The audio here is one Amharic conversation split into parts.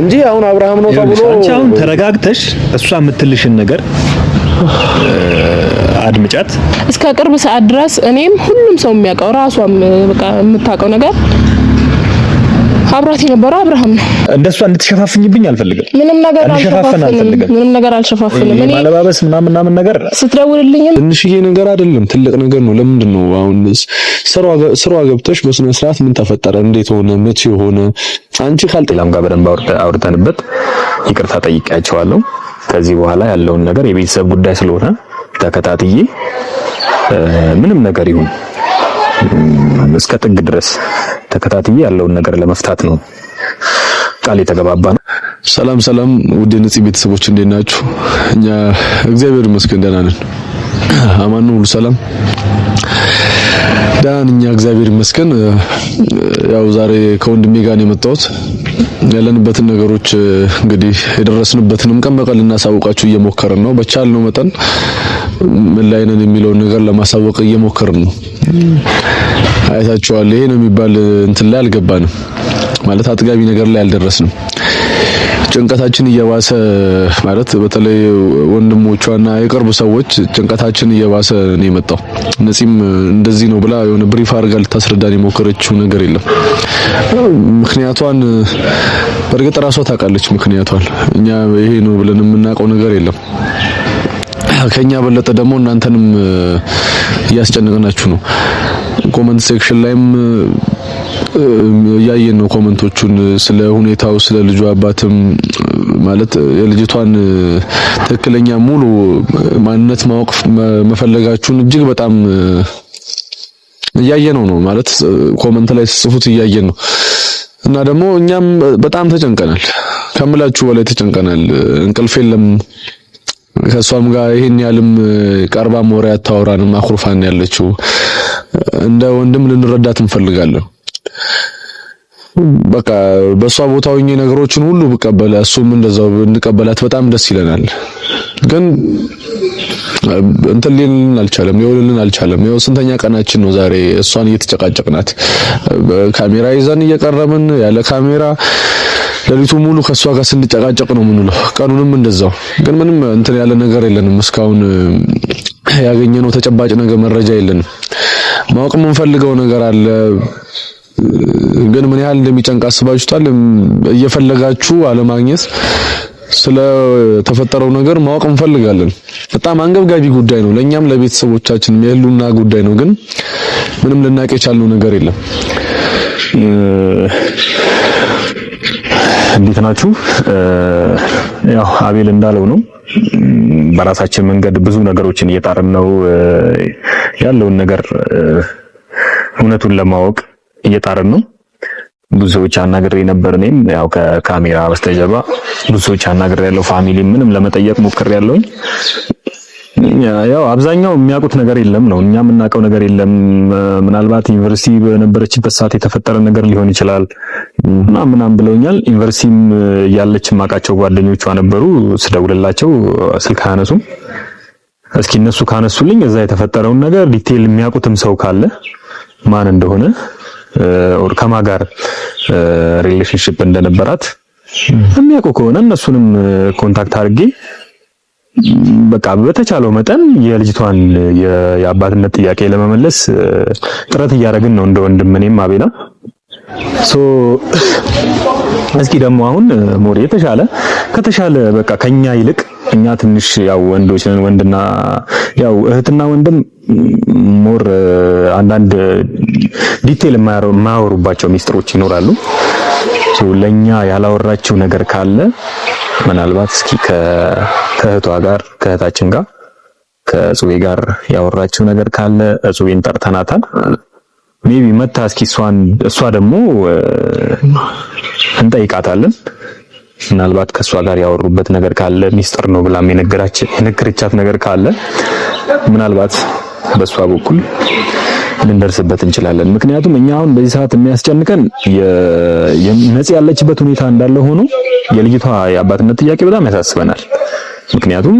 እንጂ አሁን አብርሃም ነው ተብሎ አንቺ አሁን ተረጋግተሽ እሷ የምትልሽን ነገር አድምጫት። እስከ ቅርብ ሰዓት ድረስ እኔም ሁሉም ሰው የሚያውቀው ራሷም በቃ የምታውቀው ነገር አብራት የነበረው አብርሃም ነው። እንደሷ እንድትሸፋፍኝብኝ አልፈልግም። ምንም ነገር አልሸፋፍንም። ምንም ነገር አልሸፋፍንም። እኔ ማለባበስ ምናምን ምናምን ነገር ስትደውልልኝ ትንሽዬ ነገር አይደለም ትልቅ ነገር ነው። ለምንድን ነው አሁን ስሯ ገብተሽ በስነ ስርዓት ምን ተፈጠረ፣ እንዴት ሆነ፣ መቼ ሆነ? አንቺ ካልጤላም ጋር በደንብ አውርተንበት ይቅርታ ጠይቄያቸዋለሁ። ከዚህ በኋላ ያለውን ነገር የቤተሰብ ጉዳይ ስለሆነ ተከታትዬ ምንም ነገር ይሁን እስከ ጥግ ድረስ ተከታትዬ ያለውን ነገር ለመፍታት ነው ቃል የተገባባ ነው። ሰላም ሰላም፣ ውድ ንጽህ ቤተሰቦች እንዴት ናችሁ? እኛ እግዚአብሔር ይመስገን ደህና ነን። ሁሉ ሰላም፣ ደህና ነን። እኛ እግዚአብሔር ይመስገን። ያው ዛሬ ከወንድሜ ጋር ነው የመጣሁት። ያለንበትን ነገሮች እንግዲህ የደረስንበትንም ቀን በቀን ልናሳውቃችሁ እየሞከርን ነው። በቻልነው መጠን ምን ላይ ነን የሚለውን ነገር ለማሳወቅ እየሞከርን ነው። አይታችኋል። ይሄ ነው የሚባል እንትን ላይ አልገባንም ማለት አጥጋቢ ነገር ላይ አልደረስንም። ጭንቀታችን እየባሰ ማለት በተለይ ወንድሞቿና የቅርብ ሰዎች ጭንቀታችን እየባሰ ነው የመጣው። ነፂም እንደዚህ ነው ብላ የሆነ ብሪፍ አድርጋ ልታስረዳን የሞከረችው ነገር የለም። ምክንያቷን በእርግጥ ራሷ ታውቃለች። ምክንያቷን እኛ ይሄ ነው ብለን የምናውቀው ነገር የለም። ከኛ በለጠ ደግሞ እናንተንም እያስጨነቅናችሁ ነው። ኮመንት ሴክሽን ላይም እያየን ነው ኮመንቶቹን ስለ ሁኔታው ስለ ልጁ አባትም ማለት የልጅቷን ትክክለኛ ሙሉ ማንነት ማወቅ መፈለጋችሁን እጅግ በጣም እያየነው ነው ማለት ኮመንት ላይ ጽፉት እያየን ነው እና ደግሞ እኛም በጣም ተጨንቀናል፣ ከምላችሁ በላይ ተጨንቀናል። እንቅልፍ የለም። ከእሷም ጋር ይሄን ያህልም ቀርባ ወሬ አታወራንም፣ አኩርፋን ያለችው እንደ ወንድም ልንረዳት እንፈልጋለን። በቃ በእሷ ቦታ ሆኜ ነገሮችን ሁሉ ብቀበለ እሱም እንደዛው እንቀበላት በጣም ደስ ይለናል። ግን እንትን ሊልን አልቻለም፣ ሊሆንልን አልቻለም። ይኸው ስንተኛ ቀናችን ነው ዛሬ እሷን እየተጨቃጨቅናት፣ ካሜራ ይዘን እየቀረብን ያለ ካሜራ ሌሊቱ ሙሉ ከእሷ ጋር ስንጨቃጨቅ ነው የምንውለው። ቀኑንም እንደዛው። ግን ምንም እንትን ያለ ነገር የለንም እስካሁን ያገኘነው ተጨባጭ ነገር መረጃ የለንም። ማወቅ የምንፈልገው ነገር አለ ግን ምን ያህል እንደሚጨንቅ አስባችሁታል? እየፈለጋችሁ አለማግኘት ስለተፈጠረው ነገር ማወቅ እንፈልጋለን። በጣም አንገብጋቢ ጉዳይ ነው፣ ለኛም ለቤተሰቦቻችን የህሉና ጉዳይ ነው። ግን ምንም ልናውቅ የቻልነው ነገር የለም። እንዴት ናችሁ? ያው አቤል እንዳለው ነው። በራሳችን መንገድ ብዙ ነገሮችን እየጣርን ነው ያለውን ነገር እውነቱን ለማወቅ እየጣርን ነው። ብዙ ሰዎች አናግሬ ነበር። እኔም ያው ከካሜራ በስተጀርባ ብዙ ሰዎች አናግሬ ያለው ፋሚሊ ምንም ለመጠየቅ ሞክር ያለውኝ ያው አብዛኛው የሚያውቁት ነገር የለም ነው። እኛ የምናውቀው ነገር የለም። ምናልባት ዩኒቨርሲቲ በነበረችበት ሰዓት የተፈጠረ ነገር ሊሆን ይችላል እና ምናምን ብለውኛል። ዩኒቨርሲቲም ያለች የማውቃቸው ጓደኞቿ ነበሩ። ስደውልላቸው ስልክ አያነሱም። እስኪ እነሱ ካነሱልኝ እዛ የተፈጠረውን ነገር ዲቴል የሚያውቁትም ሰው ካለ ማን እንደሆነ ኦር ጋር ሪሌሽንሽፕ እንደነበራት የሚያውቁ ከሆነ እነሱንም ኮንታክት አድርጌ በቃ በተቻለው መጠን የልጅቷን የአባትነት ጥያቄ ለመመለስ ጥረት እያደረግን ነው እንደ ወንድም እኔም አቤላ ሶ እስኪ ደግሞ አሁን ሞር የተሻለ ከተሻለ በቃ ከኛ ይልቅ እኛ ትንሽ ያው ወንዶች ነን ወንድና ያው እህትና ወንድም ሞር አንዳንድ ዲቴል የማያወሩባቸው ሚስጥሮች ይኖራሉ። ለእኛ ያላወራችው ነገር ካለ ምናልባት እስኪ ከእህቷ ጋር ከእህታችን ጋር ከእጽቤ ጋር ያወራችው ነገር ካለ እጽቤን ጠርተናታል። ሜቢ መታ እስኪ እሷን እሷ ደግሞ እንጠይቃታለን። ምናልባት ከእሷ ጋር ያወሩበት ነገር ካለ ሚስጥር ነው ብላም የነገረቻት ነገር ካለ ምናልባት በእሷ በኩል ልንደርስበት እንችላለን። ምክንያቱም እኛ አሁን በዚህ ሰዓት የሚያስጨንቀን ነፂ ያለችበት ሁኔታ እንዳለ ሆኖ የልጅቷ የአባትነት ጥያቄ በጣም ያሳስበናል። ምክንያቱም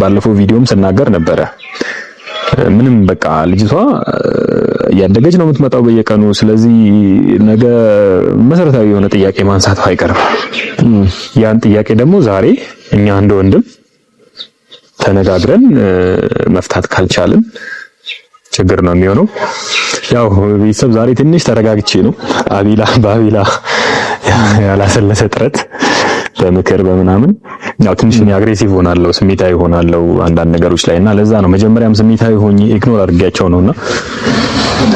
ባለፈው ቪዲዮም ስናገር ነበረ ምንም በቃ ልጅቷ እያደገች ነው የምትመጣው በየቀኑ። ስለዚህ ነገ መሰረታዊ የሆነ ጥያቄ ማንሳት አይቀርም። ያን ጥያቄ ደግሞ ዛሬ እኛ እንደ ወንድም ተነጋግረን መፍታት ካልቻልን ችግር ነው የሚሆነው። ያው ቤተሰብ ዛሬ ትንሽ ተረጋግቼ ነው። አቢላ በአቢላ ያላሰለሰ ጥረት በምክር በምናምን ያው ትንሽ አግሬሲቭ ሆናለሁ፣ ስሜታዊ ሆናለሁ አንዳንድ ነገሮች ላይ እና ለዛ ነው መጀመሪያም ስሜታዊ ሆኜ ኢግኖር አድርጌያቸው ነውና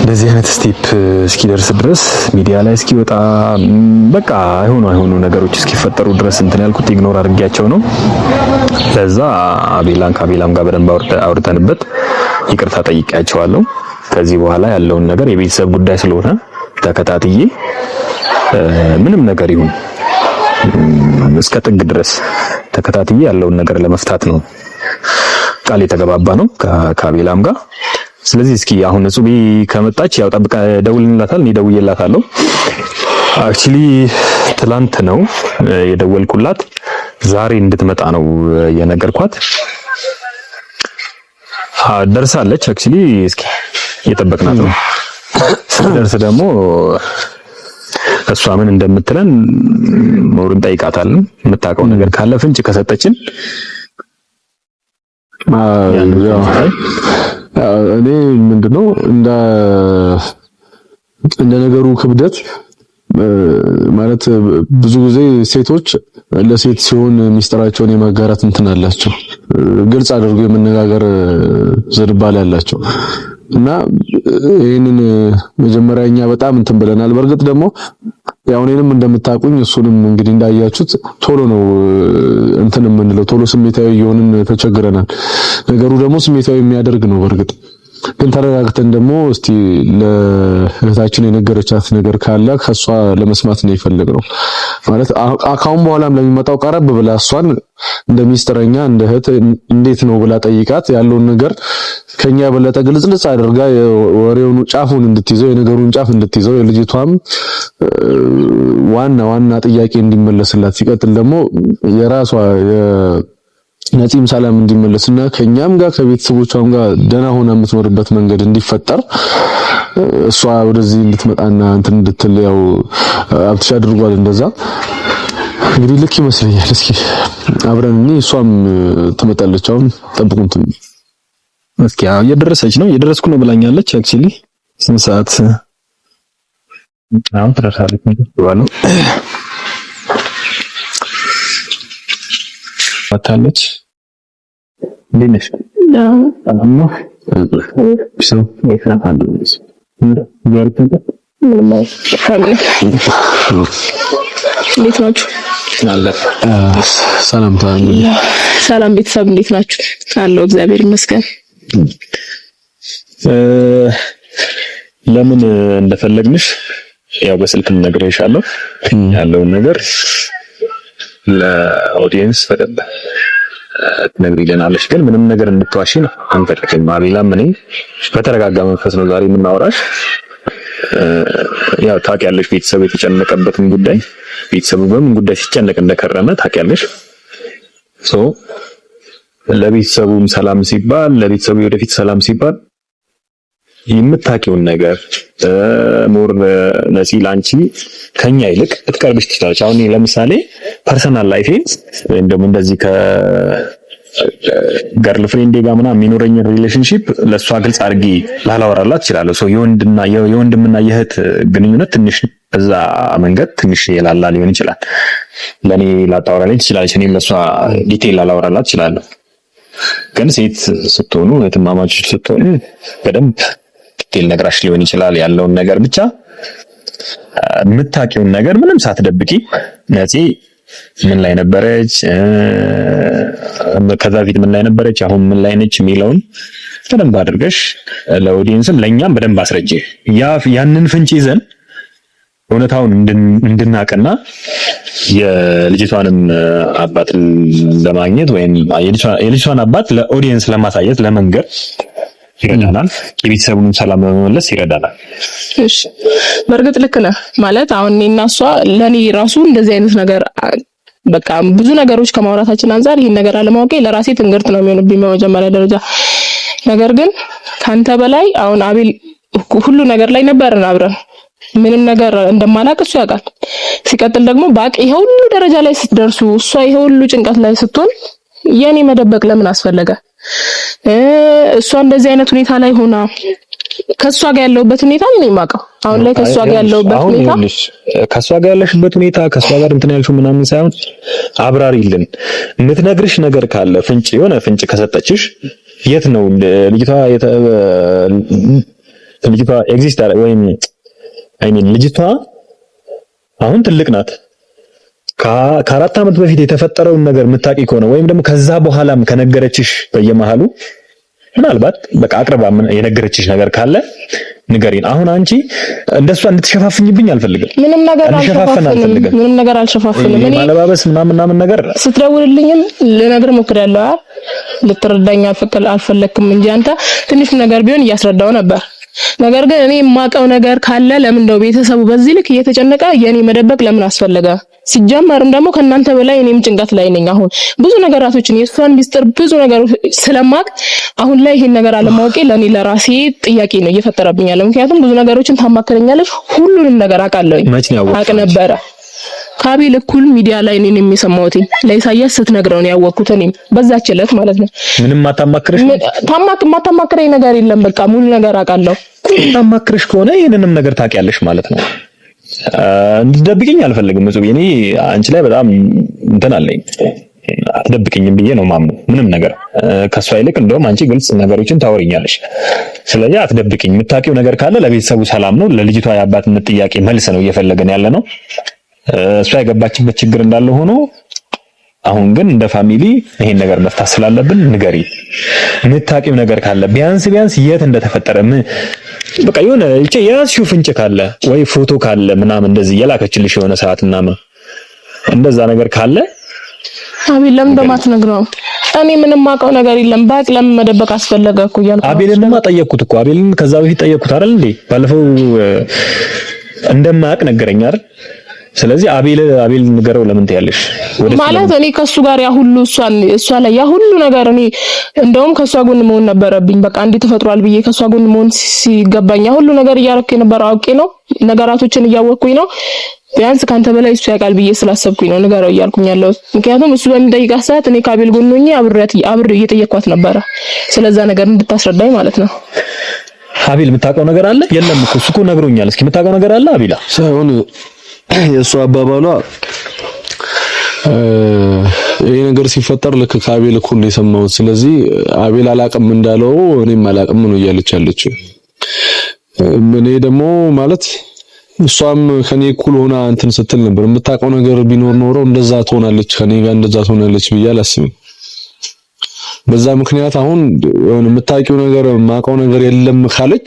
እንደዚህ አይነት ስቴፕ uh, እስኪደርስ ድረስ ሚዲያ ላይ እስኪወጣ በቃ አይሆኑ አይሆኑ ነገሮች እስኪፈጠሩ ድረስ እንትን ያልኩት ኢግኖር አድርጌያቸው ነው። ለዛ አቤላን ከአቤላም ጋር በደንብ አውርተንበት ይቅርታ ጠይቄያቸዋለሁ። ከዚህ በኋላ ያለውን ነገር የቤተሰብ ጉዳይ ስለሆነ ተከታትዬ ምንም ነገር ይሁን እስከ ጥግ ድረስ ተከታትዬ ያለውን ነገር ለመፍታት ነው ቃል የተገባባ ነው ከአቤላም ጋር ስለዚህ እስኪ አሁን እጹቢ ከመጣች ያው ጠብቃ ደውልንላታል። እኔ ደውዬላታለሁ። አክቹሊ ትላንት ነው የደወልኩላት ዛሬ እንድትመጣ ነው የነገርኳት። ደርሳለች። አክቹሊ እስኪ እየጠበቅናት ነው። ደርስ ደግሞ እሷ ምን እንደምትለን ሞር እንጠይቃታለን። የምታውቀው ነገር ካለ ፍንጭ ከሰጠችን እኔ ምንድነው እንደ እንደ ነገሩ ክብደት ማለት ብዙ ጊዜ ሴቶች ለሴት ሲሆን ሚስጥራቸውን የማጋራት እንትን አላቸው፣ ግልጽ አድርጎ የመነጋገር ዝንባሌ አላቸው እና ይህንን መጀመሪያ እኛ በጣም እንትን ብለናል። በእርግጥ ደግሞ ያው እኔንም እንደምታውቁኝ እሱንም እንግዲህ እንዳያችሁት ቶሎ ነው እንትን የምንለው ቶሎ ስሜታዊ እየሆንን ተቸግረናል። ነገሩ ደግሞ ስሜታዊ የሚያደርግ ነው በእርግጥ ግን ተረጋግተን ደግሞ እስቲ ለእህታችን የነገረቻት ነገር ካለ ከሷ ለመስማት ነው የፈለግነው። ማለት ካሁን በኋላም ለሚመጣው ቀረብ ብላ እሷን እንደ ሚስጥረኛ እንደ እህት እንዴት ነው ብላ ጠይቃት። ያለውን ነገር ከኛ የበለጠ ግልጽልጽ አድርጋ ወሬውን ጫፉን እንድትይዘው የነገሩን ጫፍ እንድትይዘው የልጅቷም ዋና ዋና ጥያቄ እንዲመለስላት ሲቀጥል ደግሞ የራሷ ነፂም ሰላም እንዲመለስና ከኛም ጋር ከቤተሰቦቿም ጋር ደህና ሆና የምትኖርበት መንገድ እንዲፈጠር እሷ ወደዚህ እንድትመጣና እንትን እንድትል ያው አብትሽ አድርጓል። እንደዛ እንግዲህ ልክ ይመስለኛል። እስኪ አብረን እኔ እሷም ትመጣለች። አሁን ጠብቁን። እስኪ እየደረሰች ነው እየደረስኩ ነው ብላኛለች። አክቹሊ ስንት ሰዓት አሁን ትደርሳለች ነው ትፈታለች። እንዴት ነሽ? እንዴት ናችሁ? ሰላም ሰላም፣ ቤተሰብ እንዴት ናችሁ? አለው እግዚአብሔር ይመስገን። ለምን እንደፈለግንሽ ያው በስልክ ነግሬሻለሁ ያለውን ነገር ለኦዲየንስ በደንብ ትነግሪልናለሽ። ግን ምንም ነገር እንድትዋሺ ነው አንፈልግም። ማሪላ እኔ በተረጋጋ መንፈስ ነው ዛሬ የምናወራሽ። ያው ታውቂያለሽ፣ ቤተሰብ የተጨነቀበትን ጉዳይ ቤተሰቡ በምን ጉዳይ ሲጨነቅ እንደከረመ ታውቂያለሽ። ሶ ለቤተሰቡም ሰላም ሲባል ለቤተሰቡ የወደፊት ሰላም ሲባል የምታውቂውን ነገር ሞር ነፂ ላንቺ ከኛ ይልቅ ልትቀርብሽ ትችላለች። አሁን ለምሳሌ ፐርሰናል ላይፌን ወይም ደግሞ እንደዚህ ከገርል ፍሬንዴ ጋር ምናምን የሚኖረኝ ሪሌሽንሺፕ ለእሷ ግልጽ አድርጌ ላላወራላት እችላለሁ። ሶ የወንድና የወንድምና የእህት ግንኙነት ትንሽ በዛ መንገድ ትንሽ የላላ ሊሆን ይችላል። ለእኔ ላታወራልኝ ትችላለች፣ እኔም ለእሷ ዲቴል ላላወራላት እችላለሁ። ግን ሴት ስትሆኑ እህትማማቾች ስትሆኑ በደንብ ዲቴል ነግራሽ ሊሆን ይችላል። ያለውን ነገር ብቻ የምታውቂውን ነገር ምንም ሳትደብቂ ነፂ ምን ላይ ነበረች፣ ከዛ ፊት ምን ላይ ነበረች፣ አሁን ምን ላይ ነች የሚለውን በደንብ አድርገሽ ለኦዲየንስም ለእኛም በደንብ አስረጅ። ያንን ፍንጭ ይዘን እውነታውን እንድናቅና የልጅቷንም አባት ለማግኘት ወይም የልጅቷን አባት ለኦዲየንስ ለማሳየት ለመንገር ይረዳናል። የቤተሰቡንም ሰላም ለመመለስ ይረዳናል። እሺ በእርግጥ ልክ ነህ። ማለት አሁን እኔና እሷ ለእኔ ራሱ እንደዚህ አይነት ነገር በቃ ብዙ ነገሮች ከማውራታችን አንጻር ይህን ነገር አለማወቄ ለራሴ ትንግርት ነው የሚሆንብኝ በመጀመሪያ ደረጃ። ነገር ግን ከአንተ በላይ አሁን አቤል ሁሉ ነገር ላይ ነበርን አብረን ምንም ነገር እንደማላቅ እሱ ያውቃል። ሲቀጥል ደግሞ በቅ ይሄ ሁሉ ደረጃ ላይ ስትደርሱ እሷ ይሄ ሁሉ ጭንቀት ላይ ስትሆን የኔ መደበቅ ለምን አስፈለገ? እሷ እንደዚህ አይነት ሁኔታ ላይ ሆና ከእሷ ጋር ያለውበት ሁኔታ ምን ይማቀው አሁን ላይ ከእሷ ጋር ያለውበት ሁኔታ ከእሷ ጋር ያለሽበት ሁኔታ ከእሷ ጋር እንትን ያልሽው ምናምን ሳይሆን አብራሪልን። የምትነግርሽ ነገር ካለ ፍንጭ፣ የሆነ ፍንጭ ከሰጠችሽ የት ነው ልጅቷ ልጅቷ ኤግዚስት ወይም አይ ሚን ልጅቷ አሁን ትልቅ ናት። ከአራት ዓመት በፊት የተፈጠረውን ነገር የምታውቂ ከሆነ ወይም ደግሞ ከዛ በኋላም ከነገረችሽ በየመሃሉ ምናልባት በቃ አቅርባ የነገረችሽ ነገር ካለ ንገሪን። አሁን አንቺ እንደሷ እንድትሸፋፍኝብኝ አልፈልግም። ምንም ነገር አልሸፋፍንም። ምንም ነገር አልሸፋፍንም። እኔ ማለባበስ ምናምን ምናምን ነገር ስትደውልልኝም ልነግር ሞክሬያለሁ። ልትረዳኝ አልፈቀል አልፈለክም እንጂ አንተ ትንሽ ነገር ቢሆን እያስረዳው ነበር። ነገር ግን እኔ የማውቀው ነገር ካለ ለምን ነው ቤተሰቡ በዚህ ልክ እየተጨነቀ የኔ መደበቅ ለምን አስፈለገ? ሲጀመርም ደግሞ ከእናንተ በላይ እኔም ጭንቀት ላይ ነኝ። አሁን ብዙ ነገራቶችን የእሷን ሚስጥር ብዙ ነገሮች ስለማቅ አሁን ላይ ይሄን ነገር አለማወቄ ለእኔ ለራሴ ጥያቄ ነው እየፈጠረብኝ ያለው። ምክንያቱም ብዙ ነገሮችን ታማክረኛለች። ሁሉንም ነገር አውቃለሁኝ፣ አውቅ ነበረ። ከአቤል እኩል ሚዲያ ላይ እኔን የሚሰማሁት ለኢሳያስ ስትነግረው ነው ያወቅኩት። እኔም በዛች ዕለት ማለት ነው። ምንም አታማክረሽ፣ ማታማክረኝ ነገር የለም። በቃ ሙሉ ነገር አውቃለሁ። ታማክረሽ ከሆነ ይህንንም ነገር ታውቂያለሽ ማለት ነው። እንድትደብቅኝ አልፈልግም። እሱ እኔ አንቺ ላይ በጣም እንትን አለኝ አትደብቅኝም ብዬ ነው ማምኑ። ምንም ነገር ከእሷ ይልቅ እንደውም አንቺ ግልጽ ነገሮችን ታወሪኛለሽ። ስለዚህ አትደብቅኝ። የምታውቂው ነገር ካለ ለቤተሰቡ ሰላም ነው። ለልጅቷ የአባትነት ጥያቄ መልስ ነው እየፈለገን ያለ ነው። እሷ የገባችበት ችግር እንዳለ ሆኖ አሁን ግን እንደ ፋሚሊ ይሄን ነገር መፍታት ስላለብን ንገሪ። የምታውቂው ነገር ካለ ቢያንስ ቢያንስ የት እንደተፈጠረ በቃ የሆነ ብቻ የያዝሽው ፍንጭ ካለ ወይ ፎቶ ካለ ምናምን እንደዚህ የላከችልሽ የሆነ ሰዓት ምናምን እንደዛ ነገር ካለ አቤል ለምን በማትነግረው? እኔ ምንም ማውቀው ነገር የለም። ባቅ ለምን መደበቅ አስፈለገ እኮ እያልኩ አቤልንማ ጠየቅኩት እኮ አቤልን ከዛ በፊት ጠየቅኩት አይደል እንዴ ባለፈው እንደማያውቅ ነገረኝ አይደል ስለዚህ አቤል አቤል ንገረው ለምን ትያለሽ? ማለት እኔ ከሱ ጋር ያ ሁሉ እሷን እሷ ላይ ያ ሁሉ ነገር እኔ እንደውም ከሷ ጎን መሆን ነበረብኝ። በቃ እንዲህ ተፈጥሯል ብዬ ከሷ ጎን መሆን ሲገባኝ ያ ሁሉ ነገር እያረክ የነበረው አውቄ ነው፣ ነገራቶችን እያወቅኩኝ ነው። ቢያንስ ካንተ በላይ እሱ ያውቃል ብዬ ስላሰብኩኝ ነው ንገረው እያልኩኝ ያለው። ምክንያቱም እሱ በሚጠይቃት ሰዓት እኔ ከአቤል ጎን ሆኜ አብሬያት አብሬ እየጠየኳት ነበረ፣ ስለዛ ነገር እንድታስረዳኝ ማለት ነው። አቤል የምታውቀው ነገር አለ የለም? እኮ እሱ እኮ ነግሮኛል። እስኪ የምታውቀው ነገር አለ አቤላ? ሳይሆን የእሱ አባባሏ ይሄ ነገር ሲፈጠር ልክ ከአቤል እኩል ነው የሰማሁት። ስለዚህ አቤል አላቅም እንዳለው እኔም አላቅም ነው እያለች ያለችው። እኔ ደግሞ ማለት እሷም ከኔ እኩል ሆና እንትን ስትል ነበር። የምታውቀው ነገር ቢኖር ኖሮ እንደዛ ትሆናለች ከኔ ጋር እንደዛ ትሆናለች ብዬ አላስብም። በዛ ምክንያት አሁን የምታውቂው ነገር የማውቀው ነገር የለም ካለች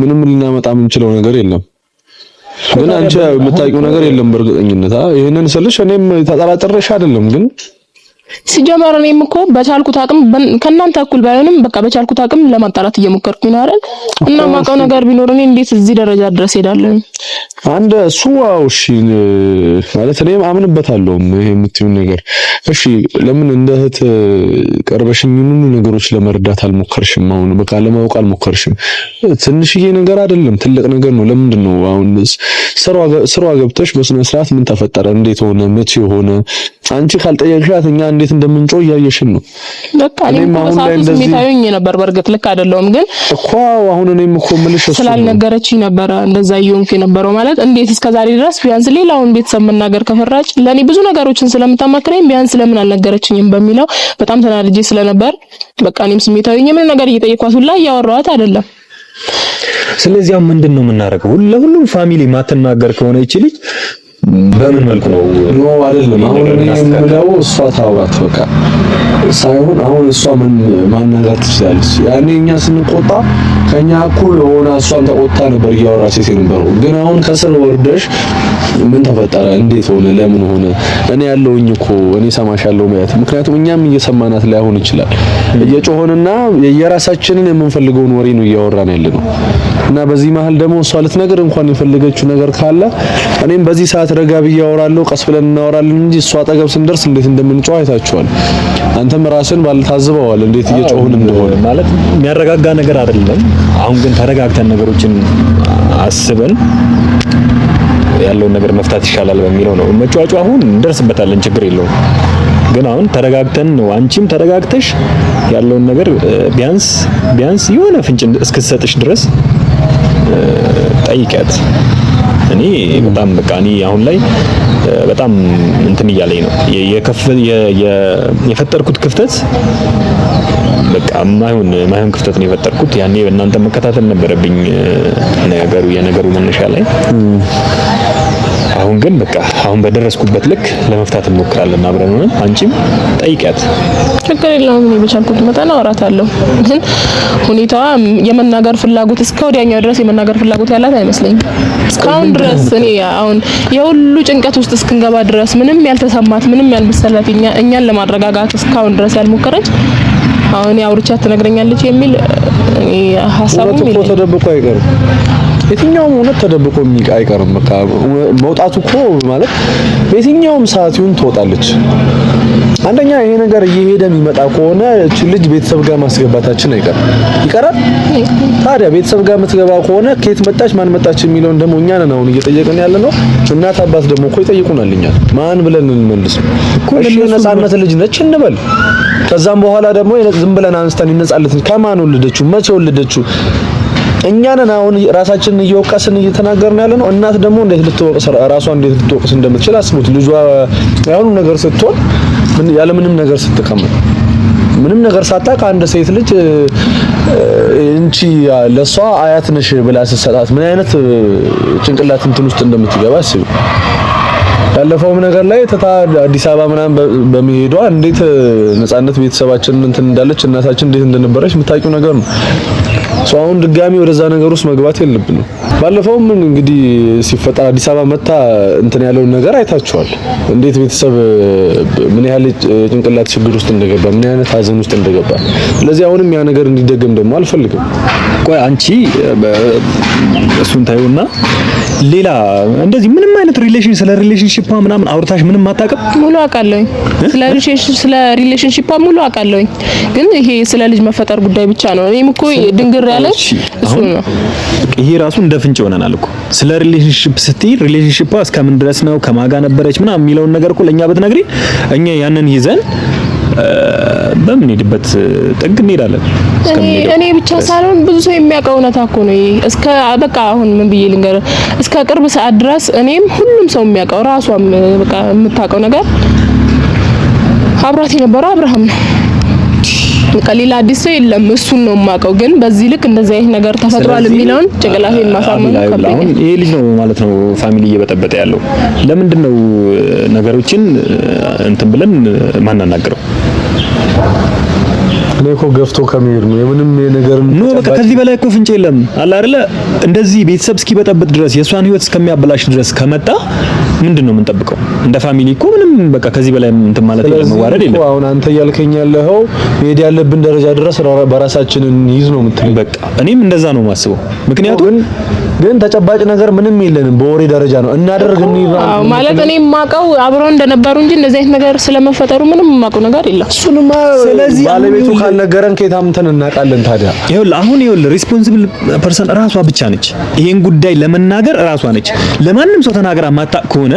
ምንም ልናመጣ የምንችለው ነገር የለም። ግን አንቺ የምታውቂው ነገር የለም በእርግጠኝነት። ይህንን ስልሽ እኔም ተጠራጥሬሽ አይደለም ግን ሲጀመር እኔም እኮ በቻልኩት አቅም ከእናንተ እኩል ባይሆንም በቃ በቻልኩት አቅም ለማጣራት እየሞከርኩኝ ነው አይደል። እና ማውቀው ነገር ቢኖር እኔ እንዴት እዚህ ደረጃ ድረስ ሄዳለሁ? አንድ እሱ ዋው፣ እሺ ማለት እኔም አምንበታለሁ ይሄ የምትይው ነገር እሺ። ለምን እንደ እህት ቀርበሽኝ ሁሉ ነገሮች ለመርዳት አልሞከርሽም? አሁን በቃ ለማወቅ አልሞከርሽም? ትንሽዬ ነገር አይደለም ትልቅ ነገር ነው። ለምንድን ነው አሁን ስሯ ገብተሽ በስነ ስርዓት ምን ተፈጠረ፣ እንዴት ሆነ፣ መቼ ሆነ አንቺ ካልጠየቅሻት እኛ እንዴት እንደምንጮ እያየሽን ነው። በቃ እኔም አሁን ላይ እንደዚህ ታዩኝ ነበር። በእርግጥ ልክ አይደለሁም ግን እኮ አሁን እኔም እኮ የምልሽ እሱ ስላልነገረችኝ ነበረ እንደዛ እየሆንኩ የነበረው ማለት እንዴት እስከዛሬ ድረስ ቢያንስ ሌላውን ቤተሰብ መናገር ከፈራጭ ለኔ ብዙ ነገሮችን ስለምታማክረኝ ቢያንስ ለምን አልነገረችኝም በሚለው በጣም ተናድጄ ስለነበር በቃ እኔም ስሜታዊ ምን ነገር እየጠየኳት ሁላ እያወራኋት አይደለም። ስለዚህ ምንድን ነው የምናደርገው? ለሁሉም ፋሚሊ ማትናገር ከሆነ ይቺ ልጅ በምን መልኩ ነው? ኖ አይደለም። አሁን እኔ የምለው እሷ ታውራት በቃ ሳይሆን አሁን እሷ ምን ማናገር ትችላለች። ያኔ እኛ ስንቆጣ ከኛ እኩል ሆነ እሷን ተቆጣ ነበር እያወራች የነበረው። ግን አሁን ከስር ወርደሽ ምን ተፈጠረ፣ እንዴት ሆነ፣ ለምን ሆነ፣ እኔ ያለውኝ እኮ እኔ ሰማሻለሁ ማለት ምክንያቱም እኛም እየሰማናት ላይሆን ይችላል። እየጮሆንና የራሳችንን የምንፈልገውን ወሬ ነው እያወራን ያለ ነው እና በዚህ መሀል ደግሞ እሷ ልትነግር እንኳን የፈለገችው ነገር ካለ እኔም በዚህ ሰዓት ረጋ ብዬ አወራለሁ፣ ቀስ ብለን እናወራለን እንጂ እሷ አጠገብ ስንደርስ እንዴት እንደምንጮህ አይታችኋል። አንተም ራስን ባልታዝበዋል እንዴት እየጮህን እንደሆነ። ማለት የሚያረጋጋ ነገር አይደለም። አሁን ግን ተረጋግተን ነገሮችን አስበን ያለውን ነገር መፍታት ይሻላል በሚለው ነው። መጫጫ አሁን እንደርስበታለን፣ ችግር የለውም። ግን አሁን ተረጋግተን ነው አንቺም ተረጋግተሽ ያለውን ነገር ቢያንስ ቢያንስ የሆነ ፍንጭ እስክትሰጥሽ ድረስ ጠይቂያት። እኔ በጣም በቃ እኔ አሁን ላይ በጣም እንትን እያለኝ ነው የፈጠርኩት ክፍተት በቃ ማይሆን ማይሆን ክፍተት ነው የፈጠርኩት። ያኔ በእናንተ መከታተል ነበረብኝ ነገሩ የነገሩ መነሻ ላይ አሁን ግን በቃ አሁን በደረስኩበት ልክ ለመፍታት እንሞክራለን አብረን ሆነን። አንቺም ጠይቂያት፣ ችግር የለውም። እኔ በቻልኩት መጠን አወራታለሁ። ግን ሁኔታዋ የመናገር ፍላጎት እስከ ወዲያኛው ድረስ የመናገር ፍላጎት ያላት አይመስለኝም። እስካሁን ድረስ እኔ አሁን የሁሉ ጭንቀት ውስጥ እስክንገባ ድረስ ምንም ያልተሰማት ምንም ያልመሰላት እኛን ለማረጋጋት እስካሁን ድረስ ያልሞከረች አሁን አውርቻት ትነግረኛለች የሚል ሀሳቡ ተደብቆ አይቀርም። የትኛውም እውነት ተደብቆ አይቀርም። በቃ መውጣቱ እኮ ማለት በየትኛውም ሰዓት ይሁን ትወጣለች። አንደኛ ይሄ ነገር እየሄደ የሚመጣ ከሆነ እቺ ልጅ ቤተሰብ ጋር ማስገባታችን አይቀርም። ይቀራል። ታዲያ ቤተሰብ ጋር የምትገባ ከሆነ ከየት መጣች ማን መጣች የሚለውን ደግሞ እኛ ነን አሁን እየጠየቅን ያለ ነው። እናት አባት ደግሞ እኮ ይጠይቁናል። እኛ ማን ብለን እንመልስ እኮ ነፃነት ልጅ ነች እንበል። ከዛም በኋላ ደግሞ ዝም ብለን አንስተን ይነጻለት ከማን ወለደችው መቼ ወለደችው እኛንን አሁን ራሳችንን እየወቀስን እየተናገርን ያለ ነው። እናት ደግሞ እንዴት ልትወቅስ ራሷ እንዴት ልትወቅስ እንደምትችል አስቡት። ልጇ ያሁኑ ነገር ስትሆን ያለ ምንም ነገር ስትቀመጥ ምንም ነገር ሳታቅ አንድ ሴት ልጅ እንቺ ለሷ አያት ነሽ ብላ ስትሰጣት ምን አይነት ጭንቅላት እንትን ውስጥ እንደምትገባ አስቡት ያለፈውም ነገር ላይ ትታ አዲስ አበባ ምናምን በሚሄዷ እንዴት ነጻነት ቤተሰባችን እንትን እንዳለች እናታችን እንዴት እንደነበረች የምታውቂው ነገር ነው። ሰው አሁን ድጋሚ ወደዛ ነገር ውስጥ መግባት የለብንም። ባለፈውም እንግዲህ ሲፈጠር አዲስ አበባ መታ እንትን ያለውን ነገር አይታችኋል። እንዴት ቤተሰብ ምን ያህል ጭንቅላት ችግር ውስጥ እንደገባ ምን አይነት ሀዘን ውስጥ እንደገባ። ስለዚህ አሁንም ያ ነገር እንዲደገም ደግሞ አልፈልግም። ቆይ አንቺ እሱን ታዩና ሌላ እንደዚህ ምንም አይነት ሪሌሽን ስለ ሪሌሽንሺፕ ምናምን አውርታሽ ምንም አታውቅም? ሙሉ አውቃለሁኝ። ስለ ሪሌሽንሺፕ ስለ ሪሌሽንሺፕ ሙሉ አውቃለሁኝ፣ ግን ይሄ ስለ ልጅ መፈጠር ጉዳይ ብቻ ነው። እኔም እኮ ድንግር ያለ እሱ ነው። ይሄ ራሱ እንደ ፍንጭ ሆነናል እኮ ስለ ሪሌሽንሺፕ ስትይ ሪሌሽንሺፕ እስከምን ድረስ ነው ከማጋ ነበረች ምናምን የሚለውን ነገር እኮ ለኛ ብትነግሪን እኛ ያንን ይዘን በምንሄድበት ጥግ እንሄዳለን። እኔ ብቻ ሳልሆን ብዙ ሰው የሚያውቀው እውነታ እኮ ነው። እስከ በቃ አሁን ምን ብዬ ልንገር፣ እስከ ቅርብ ሰዓት ድረስ እኔም ሁሉም ሰው የሚያውቀው ራሷም በቃ የምታውቀው ነገር አብራት የነበረው አብርሃም ነው። በቃ ሌላ አዲስ ሰው የለም። እሱን ነው የማውቀው። ግን በዚህ ልክ እንደዚህ አይነት ነገር ተፈጥሯል የሚለውን ጭንቅላቴን ማሳመን ከብዶኝ፣ ይሄ ልጅ ነው ማለት ነው ፋሚሊ እየበጠበጠ ያለው። ለምንድን ነው ነገሮችን እንትን ብለን ማናናግረው? Thank you. እኔ እኮ ገፍቶ ከመሄድ ነው የምንም ነገር ኖ በቃ ከዚህ በላይ እኮ ፍንጭ የለም አለ አይደለ እንደዚህ ቤተሰብ እስኪበጠብጥ ድረስ የእሷን ህይወት እስከሚያበላሽ ድረስ ከመጣ ምንድን ነው የምንጠብቀው እንደ ፋሚሊ እኮ ምንም በቃ ከዚህ በላይ እንትን ማለት የለም መዋረድ የለም አሁን አንተ እያልከኝ ያለኸው መሄድ ያለብን ደረጃ ድረስ በራሳችንን ይዝ ነው የምትለኝ በቃ እኔም እንደዛ ነው የማስበው ምክንያቱም ግን ተጨባጭ ነገር ምንም የለንም በወሬ ደረጃ ነው እናደርግ ማለት እኔ የማውቀው አብረው እንደነበሩ እንጂ እንደዚህ አይነት ነገር ስለመፈጠሩ ምንም የማውቀው ነገር የለም እሱንማ ስለዚህ ባለቤቱ ካልነገረን ከየታም እንትን እናውቃለን። ታዲያ ይኸውልህ አሁን ይኸውልህ ሪስፖንሲብል ፐርሰን ራሷ ብቻ ነች። ይሄን ጉዳይ ለመናገር ራሷ ነች። ለማንም ሰው ተናግራ ማታቅ ከሆነ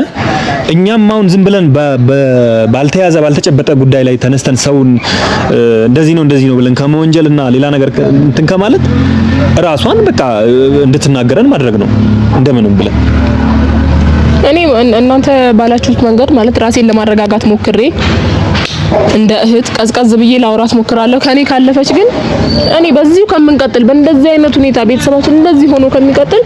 እኛም አሁን ዝም ብለን ባልተያዘ ባልተጨበጠ ጉዳይ ላይ ተነስተን ሰውን እንደዚህ ነው እንደዚህ ነው ብለን ከመወንጀልና ሌላ ነገር እንትን ከማለት ራሷን በቃ እንድትናገረን ማድረግ ነው እንደምንም ብለን እኔ እናንተ ባላችሁት መንገድ ማለት ራሴን ለማረጋጋት ሞክሬ እንደ እህት ቀዝቀዝ ብዬ ላውራት ሞክራለሁ። ከኔ ካለፈች ግን እኔ በዚሁ ከምንቀጥል በእንደዚህ አይነት ሁኔታ ቤተሰባችን እንደዚህ ሆኖ ከሚቀጥል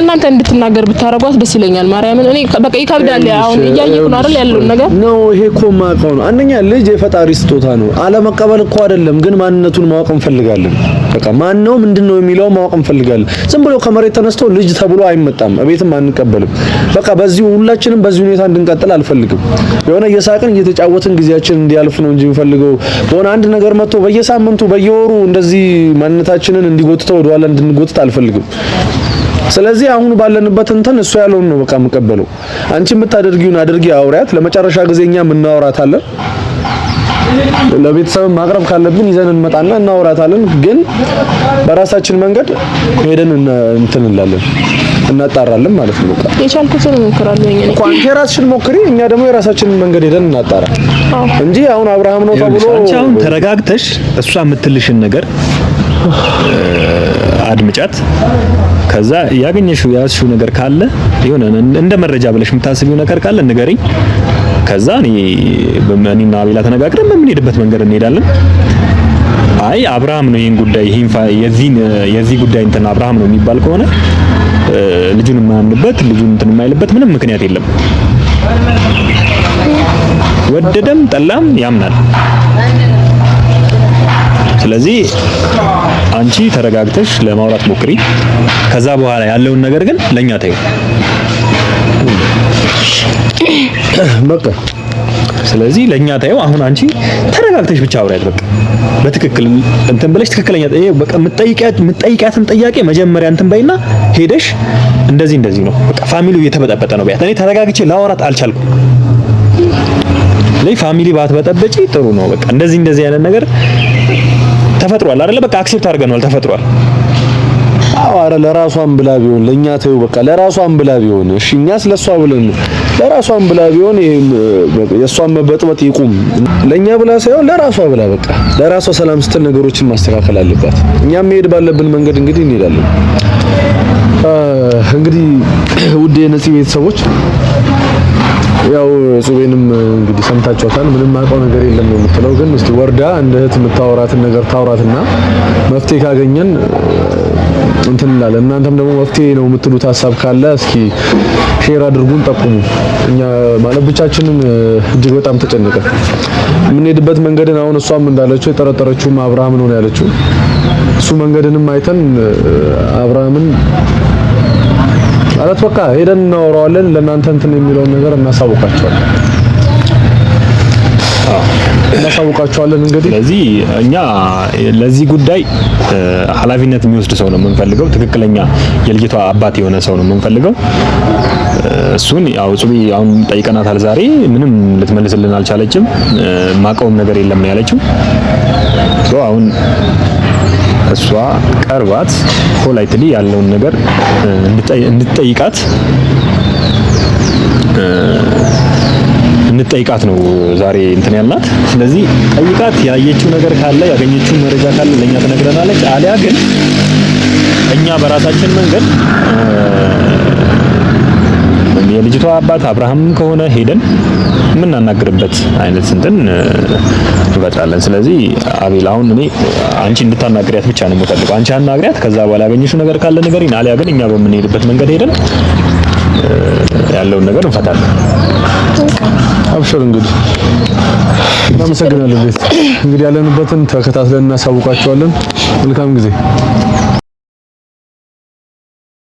እናንተ እንድትናገር ብታረጓት ደስ ይለኛል። ማርያምን እኔ በቃ ይከብዳል። አሁን እያየሁ ነው አይደል ያለውን ነገር ነው። ይሄ እኮ የማውቀው ነው። አንደኛ ልጅ የፈጣሪ ስጦታ ነው። አለመቀበል እኮ አይደለም፣ ግን ማንነቱን ማወቅ እንፈልጋለን። በቃ ማን ነው ምንድን ነው የሚለው ማወቅ እንፈልጋለን። ዝም ብሎ ከመሬት ተነስቶ ልጅ ተብሎ አይመጣም፣ እቤትም አንቀበልም። በቃ በዚህ ሁላችንም በዚህ ሁኔታ እንድንቀጥል አልፈልግም። የሆነ እየሳቅን እየተጫወትን ጊዜያችን እንዲያልፍ ነው እንጂ የምፈልገው በሆነ አንድ ነገር መጥቶ በየሳምንቱ በየወሩ እንደዚህ ማንነታችንን እንዲጎትተው ወደኋላ እንድንጎትት አልፈልግም። ስለዚህ አሁን ባለንበት እንትን እሱ ያለውን ነው በቃ የምቀበለው። አንቺ የምታደርጊውን አድርጊ፣ አውሪያት። ለመጨረሻ ጊዜ እኛ እናወራታለን። ለቤተሰብ ማቅረብ ካለብን ይዘን እንመጣና እናወራታለን። ግን በራሳችን መንገድ ሄደን እንትን እንላለን እናጣራለን ማለት ነው። በቃ የቻልኩትን እሞክራለሁ። እኛ እኮ አንቺ የራስሽን ሞክሪ፣ እኛ ደግሞ የራሳችንን መንገድ ሄደን እናጣራ እንጂ አሁን አብርሃም ነው ተብሎ አንቺ አሁን ተረጋግተሽ እሷ የምትልሽን ነገር አድምጫት። ከዛ ያገኘሽው የያዝሽው ነገር ካለ የሆነ እንደ መረጃ ብለሽ የምታስቢው ነገር ካለ ንገሪኝ። ከዛ እኔና አቤላ ተነጋግረን በምንሄድበት መንገድ እንሄዳለን። አይ አብርሃም ነው ይሄን ጉዳይ ይሄን የዚህ ጉዳይ እንትን አብርሃም ነው የሚባል ከሆነ ልጁን የማያምንበት ልጁን እንትን የማይልበት ምንም ምክንያት የለም። ወደደም ጠላም ያምናል። ስለዚህ አንቺ ተረጋግተሽ ለማውራት ሞክሪ። ከዛ በኋላ ያለውን ነገር ግን ለኛ ተይው። በቃ ስለዚህ ለኛ ታየው አሁን አንቺ ተረጋግተሽ ብቻ አውሪያት። በቃ በትክክል እንትን ብለሽ ትክክለኛ ይሄ በቃ የምትጠይቂያት የምትጠይቂያትን ጥያቄ መጀመሪያ እንትን በይና ሄደሽ እንደዚህ እንደዚህ ነው በቃ ፋሚሊው እየተበጠበጠ ነው ቢያት። እኔ ተረጋግቼ ላወራት አልቻልኩም። ለይ ፋሚሊ ባትበጠበጪ ጥሩ ነው። በቃ እንደዚህ እንደዚህ ያለ ነገር ተፈጥሯል አይደለ? በቃ አክሴፕት አድርገነዋል፣ ተፈጥሯል። አዎ አረ ለራሷን ብላ ቢሆን ለኛ ተይው በቃ ለራሷን ብላ ቢሆን እሺ፣ እኛስ ለሷ ብለን ለራሷን ብላ ቢሆን ይሄን የሷን መበጥበጥ ይቁም። ለኛ ብላ ሳይሆን ለራሷ ብላ በቃ ለራሷ ሰላም ስትል ነገሮችን ማስተካከል አለባት። እኛም መሄድ ባለብን መንገድ እንግዲህ እንሄዳለን። እንግዲህ ውድ የነፂ ቤተሰቦች ያው ጽቤንም እንግዲህ ሰምታችኋታል። ምንም አውቀው ነገር የለም ነው የምትለው፣ ግን እስቲ ወርዳ እንደ እህት የምታወራትን ነገር ታውራትና መፍትሄ ካገኘን እንትን እንላለን። እናንተም ደግሞ መፍትሄ ነው የምትሉት ሀሳብ ካለ እስኪ ሼር አድርጉን፣ ጠቁሙ። እኛ ማለት ብቻችንን እጅግ በጣም ተጨነቀ የምንሄድበት መንገድን አሁን እሷም እንዳለችው የጠረጠረችውም አብርሃም ነው ያለችው። እሱ መንገድንም አይተን አብርሃምን ማለት በቃ ሄደን እናወራዋለን። ለእናንተ እንትን የሚለውን ነገር እናሳውቃቸዋለን። እናሳውቃቸዋለን። እንግዲህ ስለዚህ እኛ ለዚህ ጉዳይ ኃላፊነት የሚወስድ ሰው ነው የምንፈልገው። ትክክለኛ የልጅቷ አባት የሆነ ሰው ነው የምንፈልገው። እሱን ያው ጽቢ አሁን ጠይቀናታል። ዛሬ ምንም ልትመልስልን አልቻለችም። ማቀውም ነገር የለም ነው ያለችው። አሁን እሷ ቀርባት ፖላይትሊ ያለውን ነገር እንድትጠይቃት እንጠይቃት ነው ዛሬ እንትን ያልናት። ስለዚህ ጠይቃት፣ ያየችው ነገር ካለ ያገኘችው መረጃ ካለ ለኛ ትነግረናለች። አሊያ ግን እኛ በራሳችን መንገድ የልጅቷ አባት አብርሃም ከሆነ ሄደን የምናናግርበት አይነት እንትን እንፈጥራለን። ስለዚህ አቤል፣ አሁን እኔ አንቺ እንድታናግሪያት ብቻ ነው የምፈልገው። አንቺ አናግሪያት፣ ከዛ በኋላ ያገኘሽው ነገር ካለ ንገሪን። አሊያ ግን እኛ በምንሄድበት መንገድ ሄደን ያለውን ነገር እንፈታለን። አብሽር እንግዲህ እናመሰግናለን። ቤት እንግዲህ ያለንበትን ተከታትለን እናሳውቃቸዋለን። መልካም ጊዜ